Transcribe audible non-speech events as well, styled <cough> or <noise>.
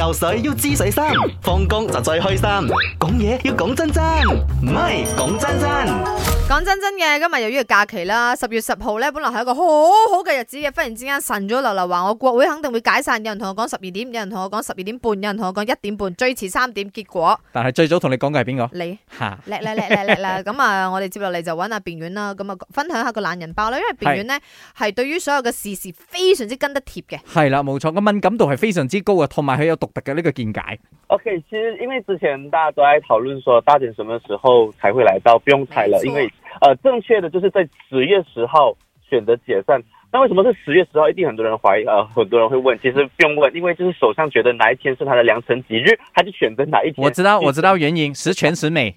游水要知水深，放工就最開心。講嘢要講真真，唔係講真真。講真真嘅，今日由於假期啦，十月十號咧，本來係一個好好嘅日子嘅，忽然之間晨早流流話，我國會肯定會解散。有人同我講十二點，有人同我講十二點半，有人同我講一點，點，點半，最遲三點。結果，但係最早同你講嘅係邊個？你吓叻叻叻叻叻啦！咁啊， <laughs> 我哋接落嚟就揾阿邊遠啦，咁啊，分享下個懶人包啦。因為邊遠呢係對於所有嘅時事非常之跟得貼嘅。係啦，冇錯，個敏感度係非常之高啊，同埋佢有讀。大家呢個見解。OK，其實因為之前大家都在討論說，大選什麼時候才會來到？不用猜了，因為，呃，正確的就是在十月十號選擇解散。那為什麼是十月十號？一定很多人懷疑，呃，很多人會問。其實不用問，因為就是首相覺得哪一天是他的良辰吉日，他就選擇哪一天。我知道，我知道原因，十全十美。